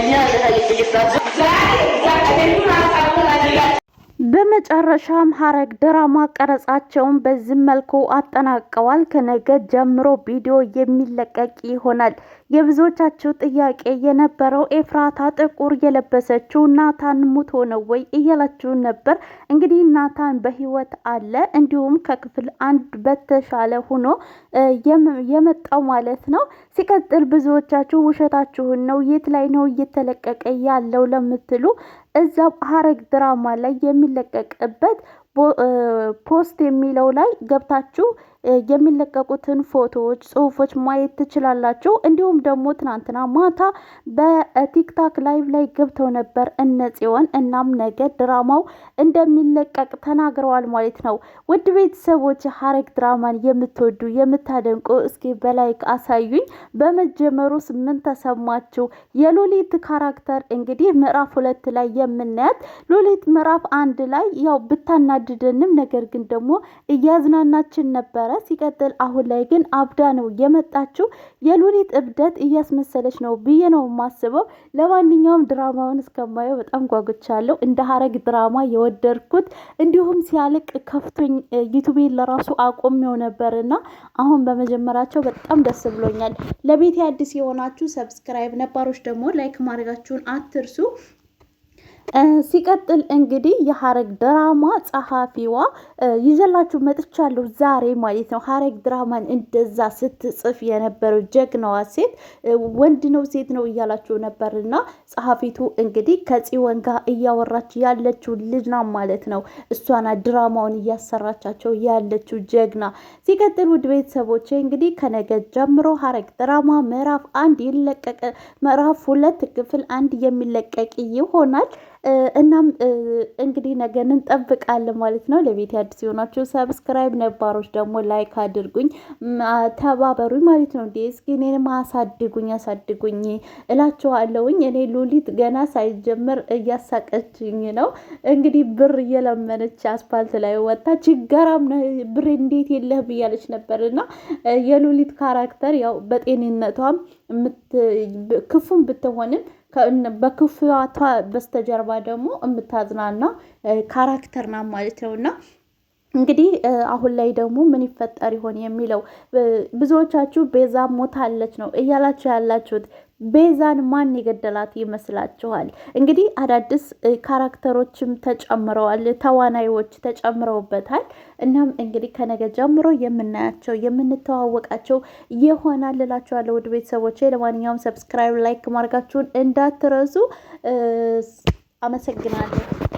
князя Галины Александровича በመጨረሻም ሐረግ ድራማ ቀረጻቸውን በዚህ መልኩ አጠናቀዋል። ከነገ ጀምሮ ቪዲዮ የሚለቀቅ ይሆናል። የብዙዎቻችሁ ጥያቄ የነበረው ኤፍራታ ጥቁር የለበሰችው ናታን ሙት ሆነ ወይ እያላችሁ ነበር። እንግዲህ ናታን በህይወት አለ። እንዲሁም ከክፍል አንድ በተሻለ ሆኖ የመጣው ማለት ነው። ሲቀጥል ብዙዎቻችሁ ውሸታችሁን ነው፣ የት ላይ ነው እየተለቀቀ ያለው ለምትሉ እዛም ሀረግ ድራማ ላይ የሚለቀቅበት ፖስት የሚለው ላይ ገብታችሁ የሚለቀቁትን ፎቶዎች፣ ጽሁፎች ማየት ትችላላችሁ። እንዲሁም ደግሞ ትናንትና ማታ በቲክታክ ላይቭ ላይ ገብተው ነበር እነ ጽዮን። እናም ነገ ድራማው እንደሚለቀቅ ተናግረዋል ማለት ነው። ውድ ቤተሰቦች ሐረግ ድራማን የምትወዱ የምታደንቁ እስኪ በላይክ አሳዩኝ። በመጀመሩስ ምን ተሰማችሁ? የሉሊት ካራክተር እንግዲህ ምዕራፍ ሁለት ላይ የምናያት ሎሊት ምዕራፍ አንድ ላይ ያው ብታና ቢያናድደንም ነገር ግን ደግሞ እያዝናናችን ነበረ። ሲቀጥል አሁን ላይ ግን አብዳ ነው የመጣችው። የሉሊት እብደት እያስመሰለች ነው ብዬ ነው የማስበው። ለማንኛውም ድራማውን እስከማየው በጣም ጓጉቻለሁ። እንደ ሀረግ ድራማ የወደድኩት እንዲሁም ሲያልቅ ከፍቶኝ ዩቱቤን ለራሱ አቆሜው ነበርና አሁን በመጀመራቸው በጣም ደስ ብሎኛል። ለቤት አዲስ የሆናችሁ ሰብስክራይብ፣ ነባሮች ደግሞ ላይክ ማድረጋችሁን አትርሱ። ሲቀጥል እንግዲህ የሀረግ ድራማ ጸሐፊዋ ይዘላችሁ መጥቻለሁ ዛሬ ማለት ነው። ሀረግ ድራማን እንደዛ ስትጽፍ የነበረው ጀግናዋ ሴት ወንድ ነው ሴት ነው እያላችሁ ነበርና ጸሐፊቱ እንግዲህ ከጽዮን ጋር እያወራች ያለችው ልጅና ማለት ነው። እሷና ድራማውን እያሰራቻቸው ያለችው ጀግና። ሲቀጥል ውድ ቤተሰቦች እንግዲህ ከነገ ጀምሮ ሀረግ ድራማ ምዕራፍ አንድ ይለቀቀ ምዕራፍ ሁለት ክፍል አንድ የሚለቀቅ ይሆናል። እናም እንግዲህ ነገን እንጠብቃለን ማለት ነው። ለቤት አዲስ የሆናችሁ ሰብስክራይብ፣ ነባሮች ደግሞ ላይክ አድርጉኝ፣ ተባበሩኝ ማለት ነው። እንዲ እስኪ እኔንም አሳድጉኝ አሳድጉኝ እላችኋለሁኝ። እኔ ሉሊት ገና ሳይጀምር እያሳቀችኝ ነው። እንግዲህ ብር እየለመነች አስፓልት ላይ ወጣ ችገራም ብር እንዴት የለህ ብያለች ነበር እና የሉሊት ካራክተር ያው በጤንነቷም ክፉም ብትሆንም በክፋቷ በስተጀርባ ደግሞ የምታዝናና ካራክተር ናት ማለት ነው እና እንግዲህ አሁን ላይ ደግሞ ምን ይፈጠር ይሆን የሚለው ብዙዎቻችሁ ቤዛ ሞታለች ነው እያላችሁ ያላችሁት። ቤዛን ማን የገደላት ይመስላችኋል? እንግዲህ አዳዲስ ካራክተሮችም ተጨምረዋል፣ ተዋናዮች ተጨምረውበታል። እናም እንግዲህ ከነገ ጀምሮ የምናያቸው የምንተዋወቃቸው ይሆናል እላችኋለሁ ውድ ቤተሰቦቼ። ለማንኛውም ሰብስክራይብ፣ ላይክ ማድረጋችሁን እንዳትረሱ። አመሰግናለሁ።